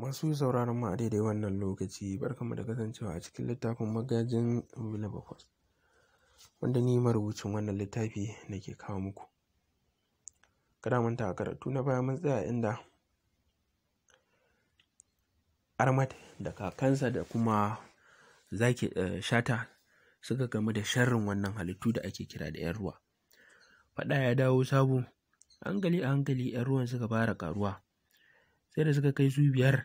Masu sauraron mu a daidai wannan lokaci barkamu da kasancewa a cikin littafin magajin Wilberforce wanda ni marubucin wannan littafi ke kawo muku. Kada manta a karatu na baya mun tsaya inda Armat da kakansa da kuma zaki eh, shata suka gamu da sharrin wannan halittu da ake kira da 'yan ruwa. Faɗa ya dawo sabo hankali a hankali 'yan ruwan suka fara karuwa sai da suka kai su biyar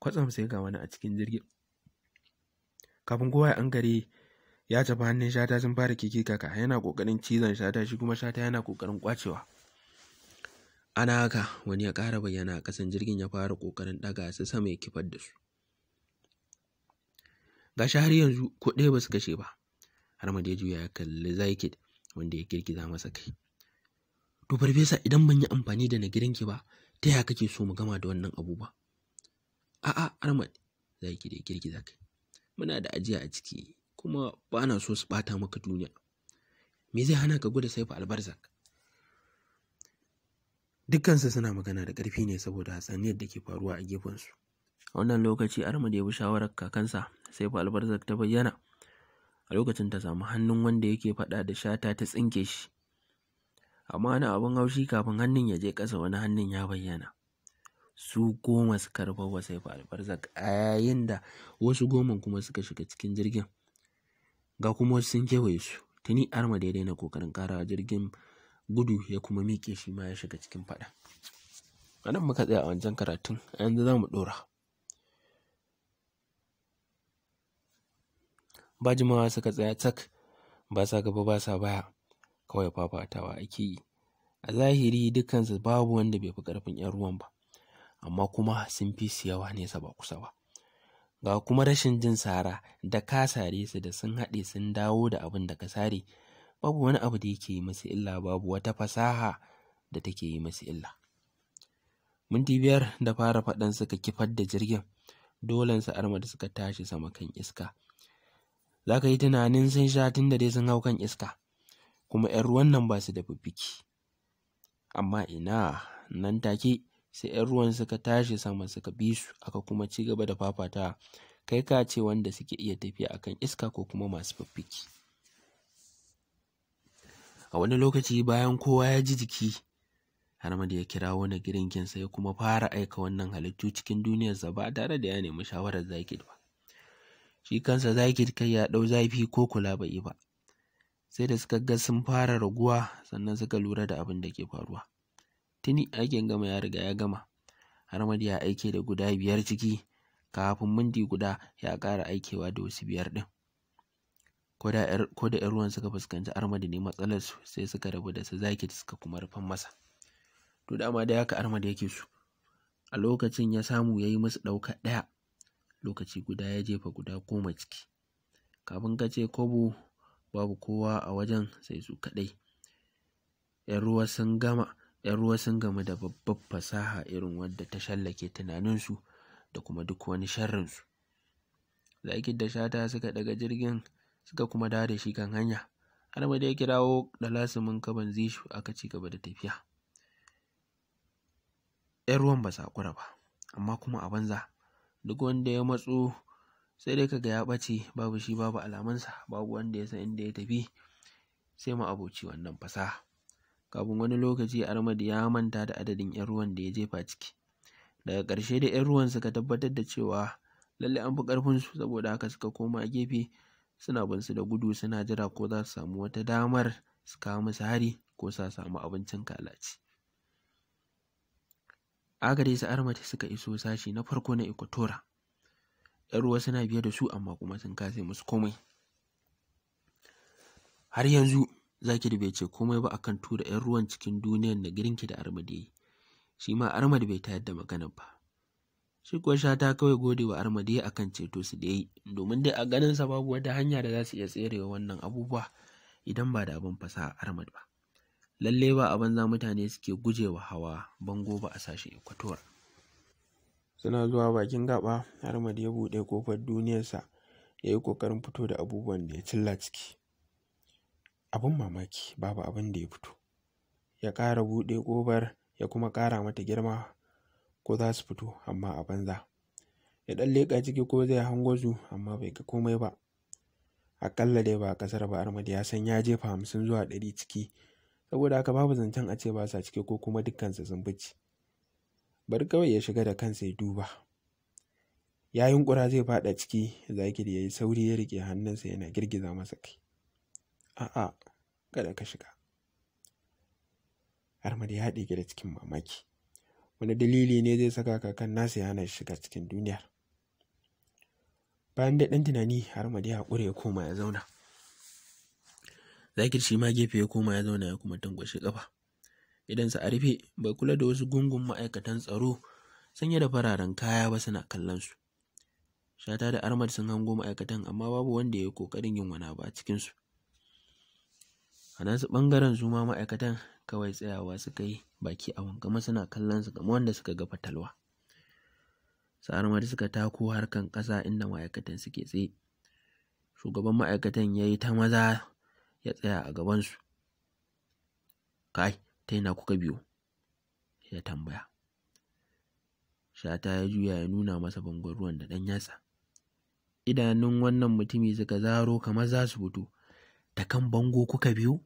kwatsam sai ga wani a cikin jirgin kafin kowa ya an gare ya tafi hannun shata sun fara keke kaka yana kokarin cizon shata shi kuma shata yana kokarin kwacewa ana haka wani ya ƙara bayyana a ƙasan jirgin ya fara kokarin ɗaga su sama ya kifar da su gashi har yanzu ko ɗaya ba su kashe ba har ma ya juya ya kalli zaikid wanda ya girgiza masa kai to farfesa idan ban yi amfani da na girinki ba ta yaya kake so mu gama da wannan abu ba a'a armad za ki da girgiza kai muna da ajiya a ciki kuma ba na so su bata maka duniya me zai hana ka gwada saifa albarzak dukkansu suna magana da ƙarfi ne saboda hatsaniyar da ke faruwa a gefensu a wannan lokaci armad ya bi shawarar kakansa saifa albarzak ta bayyana a lokacin ta samu hannun wanda yake faɗa da shata ta tsinke shi amma wani abin haushi kafin hannun ya je ƙasa wani hannun ya bayyana su goma suka rufe faru albarzak a yayin da wasu goma kuma suka shiga cikin jirgin ga kuma wasu sun kewaye su tuni arma daidai na kokarin karawa jirgin gudu ya kuma miƙe shi ma ya shiga cikin faɗa a muka tsaya a wancan karatun yanzu za mu ɗora ba jimawa suka tsaya cak ba sa gaba ba sa baya kawai fafatawa ake yi a zahiri dukansu babu wanda bai fi ƙarfin 'yan ruwan ba amma kuma sun fi su yawa nesa ba kusa ba ga kuma rashin jin sara da ka sare su da sun haɗe sun dawo da abin da ka sare babu wani abu da yake yi masu illa babu wata fasaha da take yi masu illa minti biyar da fara faɗan suka kifar da jirgin dolen su arma da suka tashi sama kan iska za ka yi tunanin sun sha tun da dai sun hau kan iska kuma 'yan ruwan nan ba su da fifiki. amma ina nan take sai 'yan ruwan suka tashi sama suka bi su aka kuma ci gaba da fafata kai ka ce wanda suke iya tafiya akan iska ko kuma masu fifiki. a wani lokaci bayan kowa ya ji jiki Ahmad ya kira wani girinkin sai kuma fara aika wannan halittu cikin duniyarsa ba tare da ya nemi shawarar Zakid ba. Shi kansa Zakid kai ya ɗau zafi ko kula bai yi ba, sai da suka ga sun fara raguwa sannan suka lura da abin da ke faruwa tuni aikin gama ya riga ya gama Ahmad ya aike da guda biyar ciki kafin minti guda ya ƙara aikewa da wasu biyar ɗin ko da ‘yan ruwan suka fuskanci armadi ne matsalar su sai suka rabu da su zaki suka kuma rufan masa to dama da haka Ahmad yake su a lokacin ya samu ya yi musu ɗauka ɗaya lokaci guda ya jefa guda goma ciki kafin ka ce kobo babu kowa a wajen sai su kaɗai. 'Yan ruwa sun gama, 'yan ruwa sun gama da babbar fasaha irin wadda ta shallake tunaninsu da kuma duk wani sharrinsu. Zakir da Shata suka ɗaga jirgin suka kuma dawo da shi kan hanya. Har ma ya kirawo da lasimin kaban zishu aka ci gaba da tafiya. 'Yan ruwan ba su ba, amma kuma a banza. Duk wanda ya matso sai dai kaga ya ɓace babu shi babu alamansa babu wanda ya san inda ya tafi sai mu aboci wannan fasaha kafin wani lokaci Ahmad ya manta da adadin 'yan ruwan da ya jefa ciki daga ƙarshe da 'yan ruwan suka tabbatar da cewa lallai an fi ƙarfinsu saboda haka suka koma gefe suna bin su da gudu suna jira ko za su samu wata damar su kawo musu hari ko su samu abincin kalaci agare su armati suka iso sashi na farko na ikotora 'yan ruwa suna biye da su amma kuma sun kasa musu komai har yanzu Zaki da bai ce komai ba akan tura 'yan ruwan cikin duniyar da girinki da armadi yi, shi ma armadi bai tayar da maganar ba shi kuwa ta kawai gode wa armadi yayi akan ceto su da yi, domin dai a ganin sa babu wata hanya da za su iya tserewa wannan abubuwa idan ba da abin fasa armadi ba Lalle ba a banza mutane suke gujewa hawa bango ba a sashen ekwator Suna zuwa bakin gaɓa Harmad ya buɗe kofar duniyarsa ya yi ƙoƙarin fito da abubuwan da ya cilla ciki. Abin mamaki babu abin da ya fito. Ya ƙara buɗe ƙofar ya kuma ƙara mata girma ko za su fito amma a banza. Ya ɗan leƙa ciki ko zai hango su amma bai ga komai ba. Aƙalla dai ba ƙasar ba Armad ya san ya jefa hamsin zuwa ɗari ciki saboda haka babu zancen a ce ba sa ciki ko kuma dukkansu sun bici. bari kawai ya shiga da kansa ya duba ya yunkura zai faɗa ciki zakir ya yi sauri ya rike hannunsa yana girgiza masa kai a'a kada ka shiga armar ya haɗe da cikin mamaki wani dalili ne zai saka kakan nasa yana shiga cikin duniyar bayan da ɗan tunani armar ya haƙura ya koma ya zauna zakir shi ma gefe ya koma ya zauna ya kuma tangwashe ƙafa Idan su a rufe bai kula da wasu gungun ma'aikatan tsaro sanye da fararen kaya ba suna kallon su shata da armad sun hango ma'aikatan amma babu wanda ya yi kokarin yin wani abu a cikin su a nasu bangaren su ma ma'aikatan kawai tsayawa suka yi baki a wankama suna kallon su kamar wanda suka ga fatalwa su armad suka tako harkan kasa inda ma'aikatan suke tsaye shugaban ma'aikatan ya yi ta maza ya tsaya a gabansu kai ta kuka biyo ya tambaya shata ya juya ya nuna masa bangon ruwan da ɗan yatsa idanun wannan mutumi suka zaro kamar za su fito ta kan bango kuka biyo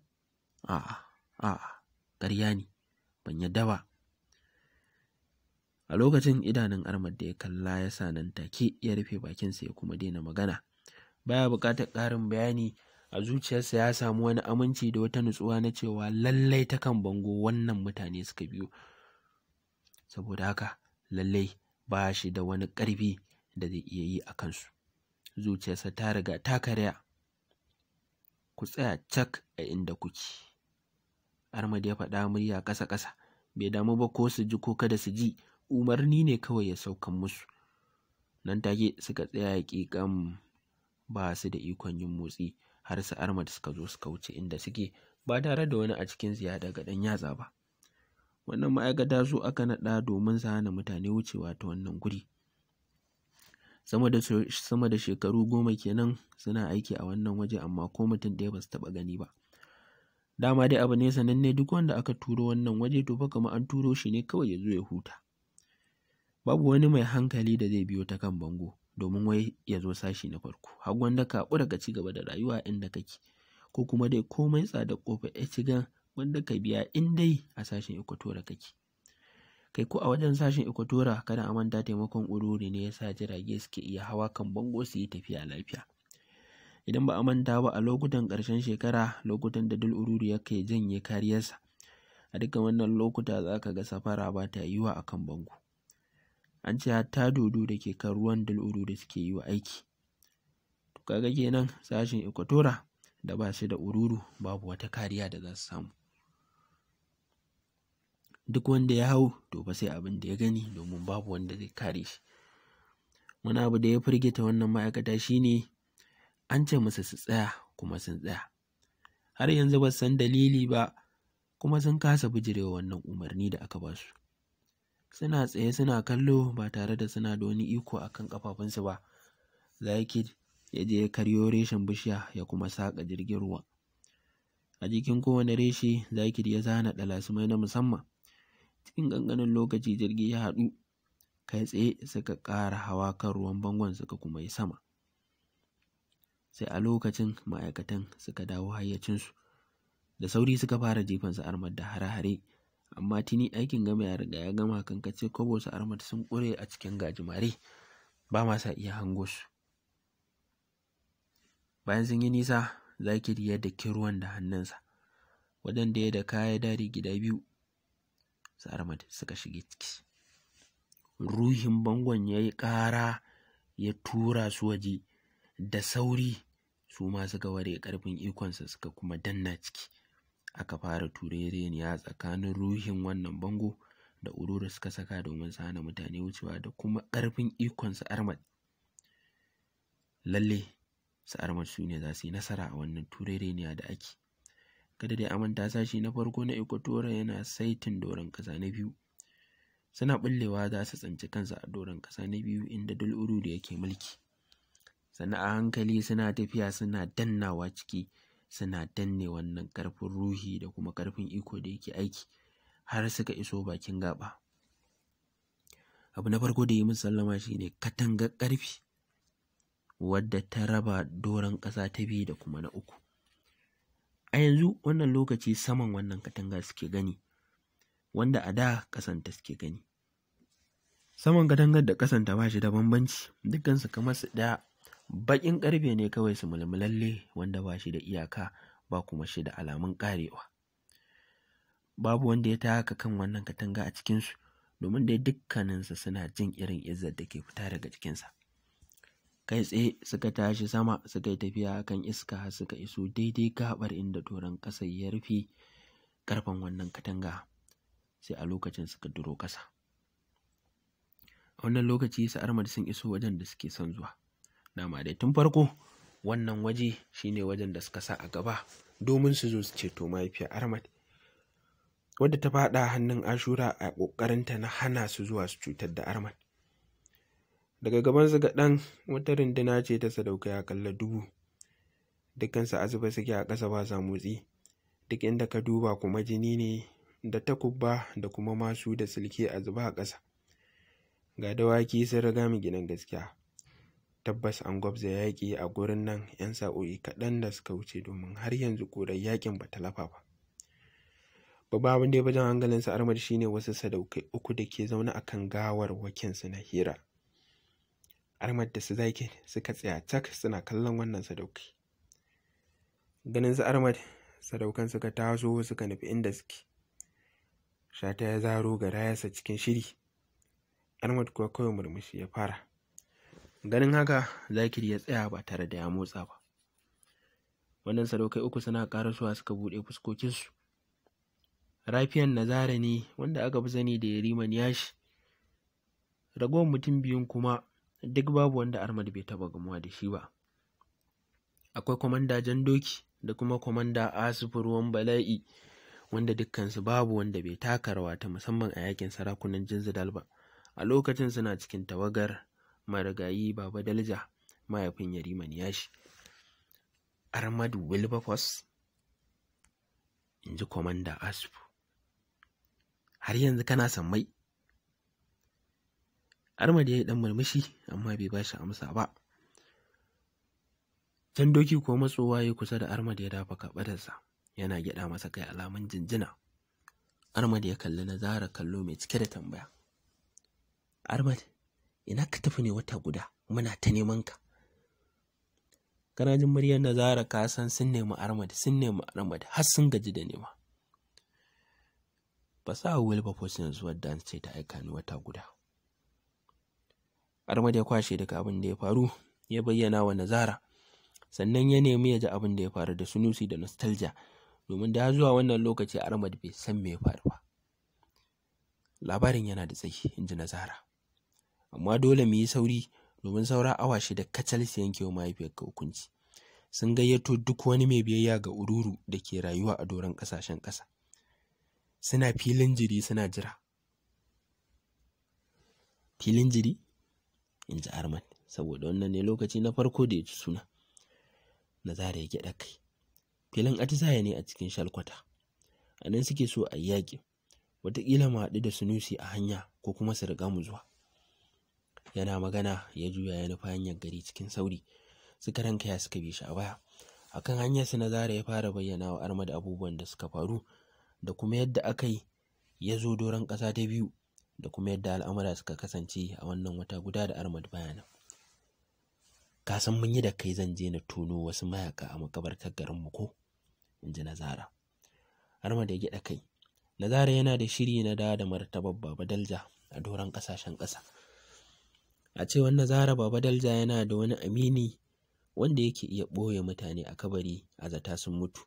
a'a a'a ƙarya ne ban yadda ba a lokacin idanun armad da ya kalla ya sa nan take ya rufe bakinsa ya kuma daina magana baya buƙatar ƙarin bayani a zuciyarsa ya samu wani aminci da wata nutsuwa na cewa lallai ta kan bango wannan mutane suka biyo saboda haka lallai ba shi da wani ƙarfi da zai iya yi a kansu zuciyarsa ta riga ta karya ku tsaya cak a inda kuki. armad ya faɗa murya ƙasa-ƙasa bai damu ba ko su ji ko kada su ji umarni ne kawai ya saukan musu nan take suka tsaya ƙiƙam ba su da ikon yin motsi har su armad suka zo suka wuce inda suke ba tare da wani a cikin ya daga dan yatsa ba wannan ma'aikata su aka naɗa domin su hana mutane wucewa ta wannan guri sama da shekaru goma kenan suna aiki a wannan waje amma ko mutum ɗaya ba su taɓa gani ba dama dai abu ne sananne duk wanda aka turo wannan waje to fa kamar an turo shi ne kawai ya zo ya huta babu wani mai hankali da zai biyo ta kan bango domin wai ya zo sashi na farko har gwanda ka haƙura ka ci gaba da rayuwa inda kake ko kuma dai komai tsada kofa ya ci wanda ka biya in dai a sashen ikwatora kake kai ko a wajen sashen ikwatora kada a manta taimakon ururi ne yasa jirage suke iya hawa kan bango su yi tafiya lafiya idan ba a manta ba a lokutan ƙarshen shekara lokutan da dul ururi ya kai janye kariyarsa a duka wannan lokuta za ka ga safara ba ta yiwa a kan bango an ce hatta dodo da ke kan ruwan dal'udu da suke yi wa aiki to kaga kenan sashen ekwatora da ba shi da ururu babu wata kariya da za su samu duk wanda ya hau to ba sai abin da ya gani domin babu wanda zai kare shi wani abu da ya firgita wannan ma'aikata shine an ce musu su tsaya kuma sun tsaya har yanzu ba san dalili ba kuma sun kasa bijirewa wannan umarni da aka ba su suna tsaye suna kallo ba tare da suna da wani iko a kan kafafunsu ba Zakid ya je karyo reshen bishiya ya kuma saƙa jirgin ruwa a jikin kowane reshe Zakid ya zana ɗalasumai na musamman cikin ƙanƙanin lokaci jirgi ya haɗu kai tsaye suka ƙara hawa kan ruwan bangon suka kuma yi sama sai a lokacin ma'aikatan suka dawo hayyacinsu da sauri suka fara jefansa armar da hare-hare amma tuni aikin gama ya riga ya gama kan kace kobo su armata sun ƙure a cikin gajimare ba ma sa iya hango su bayan sun yi nisa zakiri ya daki ruwan da hannunsa waɗanda ya da kaya dari gida biyu su armat suka shige ciki ruhin bangon ya yi ƙara ya tura su waje da sauri su ma suka ware ƙarfin ikonsa suka kuma danna ciki aka fara turereniya tsakanin ruhin wannan bango da ururu suka saka domin su hana mutane wucewa da kuma ƙarfin ikon su armad lalle su armad su ne za su yi nasara a wannan turereniya da ake kada dai amanta sashi na farko na ikotora yana saitin doron ƙasa na biyu suna ɓullewa za su tsinci kansu a doron ƙasa na biyu inda dul da yake mulki sannan a hankali suna tafiya suna dannawa ciki suna danne wannan ƙarfin ruhi da kuma ƙarfin iko da yake aiki har suka iso bakin gaba abu na farko da yi musu sallama shine katangar ƙarfi wadda ta raba doron ƙasa ta biyu da kuma na uku a yanzu wannan lokaci saman wannan katanga suke gani wanda a da ƙasanta suke gani saman katangar da ƙasanta ba shi da bambanci dukkansu kamar su ɗaya baƙin ƙarfe ne kawai su mulmulalle wanda ba shi da iyaka ba kuma shi da alamun karewa babu wanda ya taka kan wannan katanga a cikinsu domin dai dukkaninsa suna jin irin izzar da ke fita daga jikinsa kai tsaye suka tashi sama suka yi tafiya kan iska har suka iso daidai gabar inda doron ƙasa ya rufe ƙarfen wannan katanga sai a lokacin suka duro ƙasa a wannan lokaci Sa'armar armad sun iso wajen da suke son zuwa dama dai tun farko wannan waje shine wajen da suka sa a gaba domin su zo su ceto mahaifiyar armad wadda ta faɗa hannun ashura a ƙoƙarinta na hana su zuwa su cutar da armad daga gaban su gaɗan wata runduna ce ta Sadauka ya kalla dubu dukkansu azuba suke a ƙasa ba sa motsi duk inda ka duba kuma jini ne da takubba da kuma masu da silke a zuba a ƙasa ga dawaki sun riga mu gidan gaskiya tabbas an gwabza yaƙi a gurin nan 'yan sa'o'i kaɗan da suka wuce domin har yanzu ƙurar yaƙin ba ta lafa ba babban abin da ya bajan hankalinsa shi ne wasu sadaukai uku da ke zaune a kan gawar wakinsu na hira Armar da su zaki suka tsaya cak suna kallon wannan sadaukai. ganin su sadaukar sadaukan suka taso suka nufi inda suke shata ya zaro ga rayarsa cikin shiri Armar kuwa kawai murmushi ya fara ganin haka zakir ya tsaya ba tare da ya motsa ba wannan sadaukai uku suna karasuwa suka buɗe fuskokinsu rafiyan nazara ne wanda aka fi sani da yariman yashi ragowar mutum biyun kuma duk babu wanda armad bai taba gamuwa da shi ba akwai kwamanda jan doki da kuma kwamanda asifu ruwan bala'i wanda dukkansu babu wanda bai taka rawa ta musamman a yakin sarakunan jinzidal ba a lokacin suna cikin tawagar marigayi baba dalja mahaifin yariman yashi. armadu wilberforce in ji kwamanda asfu har yanzu kana sammai armad ya yi ɗan murmushi amma bai ba shi amsa ba can doki ko matsowa ya kusa da armad ya dafa kaɓararsa yana gyaɗa masa kai alamun jinjina armad ya kalli na zara kallo mai cike da tambaya armad ina ka tafi ne wata guda muna ta neman ka kana jin muryar na zara ka san sun nemi armada sun nemi armada har sun gaji da nema ba sa wilberforce yanzu wadda an ce ta aika ni wata guda armad ya kwashe daga abin da ya faru ya bayyana wa nazara sannan ya nemi ya ji abin da ya faru da sunusi da nostalgia domin da zuwa wannan lokaci armad bai san me ya faru ba labarin yana da tsayi in ji nazara amma dole mu yi sauri domin saura awa shida kacal su yanke wa mahaifiyarka hukunci sun gayyato duk wani mai biyayya ga ururu da ke rayuwa a doron ƙasashen ƙasa suna filin jiri suna jira filin jiri in ji arman saboda wannan ne lokaci na farko da ya ci suna na zara ya gyaɗa kai filin atisaye ne a cikin shalkwata a nan suke so a yi yaƙi wataƙila mu haɗu da sunusi a hanya ko kuma su riga mu zuwa yana magana ya juya ya nufa hanyar gari cikin sauri suka ranka kaya suka bi shi a baya akan hanyar su na zara ya fara bayyana wa armad abubuwan da suka faru da kuma yadda aka yi ya zo doron ƙasa ta biyu da kuma yadda al'amura suka kasance a wannan wata guda da armad bayanan ka san mun yi da kai zan je na tono wasu mayaka a makabartar garin mu ko in ji nazara armad ya gyaɗa kai nazara yana da shiri na dawo da martabar baba dalja a doron ƙasashen ƙasa a ce wannan zara baba dalja yana da wani amini wanda yake iya ɓoye mutane a kabari a zata sun mutu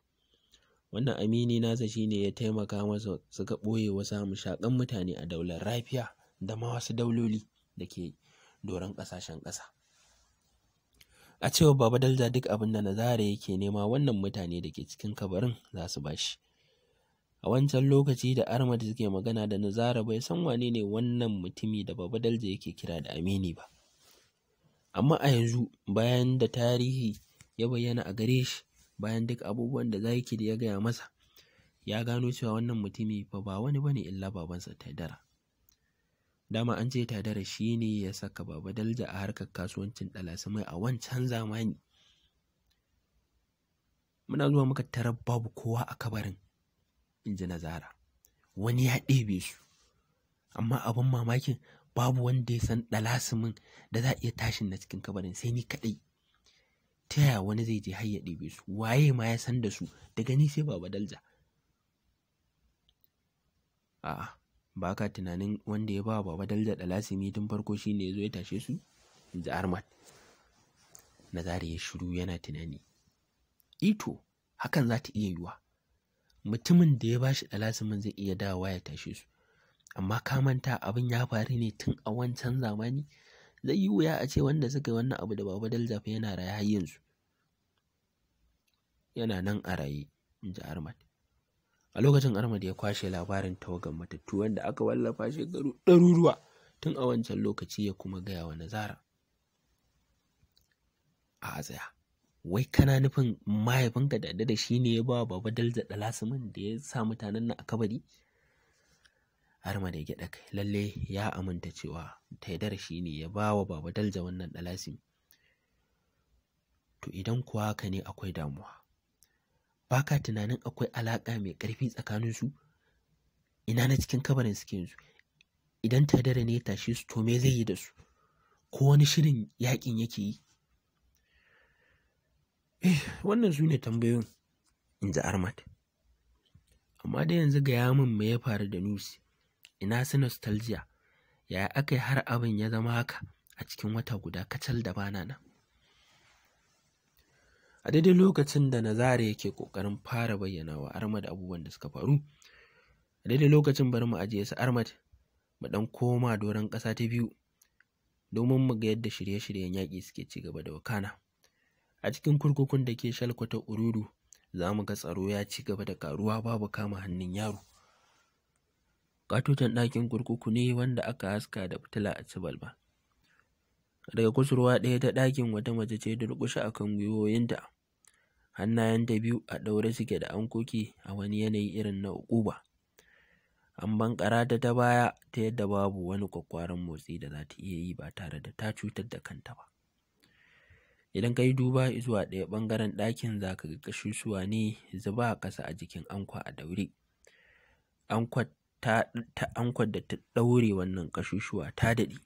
wannan amini nasa shine ya taimaka masa suka ɓoye wa samun shaƙan mutane a daular rafiya da ma wasu dauloli da ke doron ƙasashen ƙasa a cewa baba dalja duk abin da nazara yake nema wannan mutane da ke cikin kabarin za su bashi a wancan lokaci da armad suke magana da nazara bai san wane ne wannan mutumi da baba dalje yake kira da amini ba amma a yanzu bayan da tarihi ya bayyana a gare shi bayan duk abubuwan da da ya gaya masa ya gano cewa wannan mutumi fa ba wani bane illa babansa taidara dama an ce taidara shi ne ya saka baba dalja a harkar kasuwancin mai a wancan zamani muna zuwa muka tarar babu kowa a kabarin in ji nazara wani ya ɗebe su amma abin mamakin babu wanda ya san ɗalasimin da za a iya tashin na cikin kabarin sai ni kaɗai ta yaya wani zai je har ya ɗebe su waye ma ya san da su daga ni sai baba dalja a'a ba ka tunanin wanda ya ba baba dalja ɗalasimi tun farko shine ya zo ya tashe su in ji na nazari ya shiru yana tunani ito hakan za ta iya yiwuwa mutumin da ya bashi ɗalasimin zai iya dawowa ya tashe su amma ka manta abin ya faru ne tun a wancan zamani zai yi wuya a ce wanda suka yi wannan abu da baba dalza fa yana raye har yanzu yana nan a raye in ji armad a lokacin armad ya kwashe labarin tawagan matattu wanda aka wallafa shekaru daruruwa tun a wancan lokaci ya kuma gaya wa nazara a tsaya wai kana nufin mahaifinka da da shi ne ya ba baba dalza dalasimin da ya sa mutanen nan a kabari ma da gyaɗa kai lalle ya aminta cewa taidar shi ne ya ba wa baba dalza wannan dalasim to idan kuwa haka ne akwai damuwa ba ka tunanin akwai alaƙa mai ƙarfi tsakanin su ina na cikin kabarin suke yanzu idan taidar ne ya tashe su to me zai yi da su ko wani shirin yaƙin yake yi Eh, wannan su ne tambayoyin, in ji Ahmad. Amma da yanzu gaya min me ya faru da Nusi, ina su nostalgia, yaya aka yi har abin ya zama haka a cikin wata guda kacal da bana nan. A daidai lokacin da Nazare yake ƙoƙarin fara bayyana wa Ahmad abubuwan da suka faru, a daidai lokacin bari mu ajiye su Ahmad mu ɗan koma doron ƙasa ta biyu domin mu ga yadda shirye-shiryen yaƙi suke ci gaba da wakana. a cikin kurkukun da ke shalkwata ururu za mu ga tsaro ya ci gaba da karuwa babu kama hannun yaro katutan ɗakin kurkuku ne wanda aka haska da fitila a cibal ba. daga kusurwa ɗaya ta ɗakin wata mace ce durƙushe a kan gwiwoyinta da biyu a ɗaure suke da ankoki a wani yanayi irin na uba. an ban ta ta baya ta yadda babu wani kwakwaran motsi da za ta iya yi ba tare da ta cutar da kanta ba idan ka yi duba zuwa ɗaya ɓangaren ɗakin za ka ga ƙasusuwa ne zuba a ƙasa a jikin ankwa a daure ankwar ta, ta da ta ɗaure wannan ƙasusuwa ta daɗe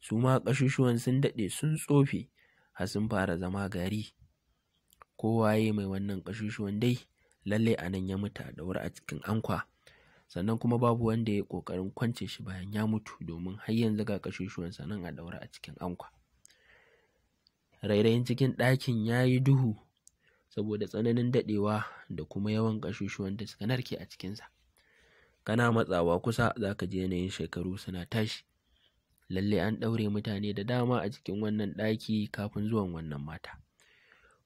su ma ƙasusuwan sun daɗe sun tsofe har sun fara zama gari kowaye mai wannan ƙasusuwan dai lallai a nan ya mutu a daure a cikin ankwa sannan kuma babu wanda ya yi ƙoƙarin kwance shi bayan ya mutu domin har yanzu ga ƙasusuwansa nan a daure a cikin ankwa rairayin cikin ɗakin ya yi duhu saboda tsananin daɗewa da kuma yawan ƙashushuwan da suka narke a cikinsa kana matsawa kusa za ka ji yanayin shekaru suna tashi lalle an ɗaure mutane da dama a cikin wannan ɗaki kafin zuwan wannan mata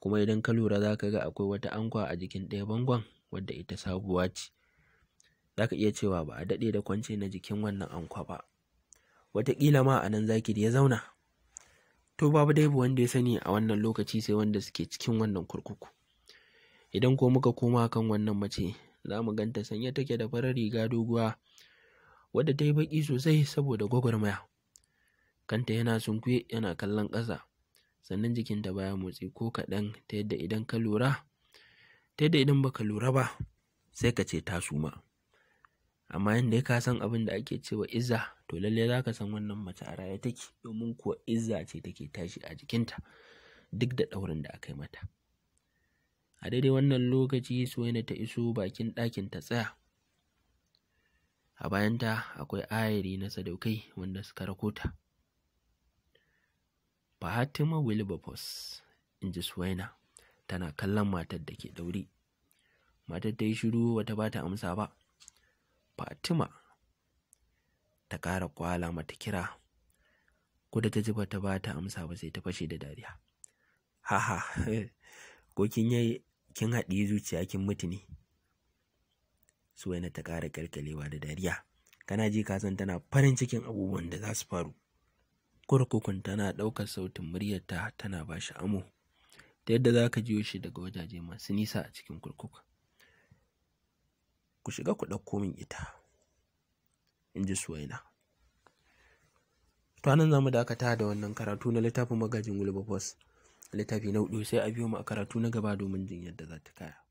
kuma idan ka lura za ka ga akwai wata ankwa a jikin ɗaya bangon wadda ita sabuwa ce za ka iya cewa ba a daɗe da kwance na jikin wannan ankwa ba wataƙila ma a nan zaki da ya zauna to babu dai wanda ya sani a wannan lokaci sai wanda suke cikin wannan kurkuku idan ko muka koma kan wannan mace za mu ganta sanye take da farar riga doguwa wadda ta yi baƙi sosai saboda gwagwarmaya kanta yana sunkuye yana kallon ƙasa sannan jikinta baya motsi ko kaɗan ta yadda idan ka lura ta yadda idan baka lura ba sai ka ce ta suma amma yadda ka san abin da ake cewa iza to lalle za ka san wannan mace a raye take domin kuwa izza ce take tashi a jikinta duk da ɗaurin da aka yi mata a daidai wannan lokaci suwaina ta iso bakin ɗakin ta tsaya a bayanta akwai ayari na sadaukai wanda suka rakota fahatima wilberforce in ji suwaina tana kallon matar da ke ɗauri matar ta yi shiru wata ba ta amsa ba fatima ta ƙara kwala mata kira ko da ta ji bata ba ta amsa ba sai ta fashe da dariya haha ko kin yi kin haɗi zuciya kin mutu ne suwaina ta ƙara ƙarƙarewa da dariya kana ji ka san tana farin cikin abubuwan da za su faru kurkukun tana ɗaukar sautin muryarta tana ba shi amo ta yadda za ka jiyo shi daga wajaje masu nisa a cikin kurkuku ku shiga ku ɗauko min ita in ji suwaina to nan za mu dakata da wannan karatu na littafin magajin wilberforce littafi na hudu sai a biyo mu a karatu na gaba domin jin yadda za ta kaya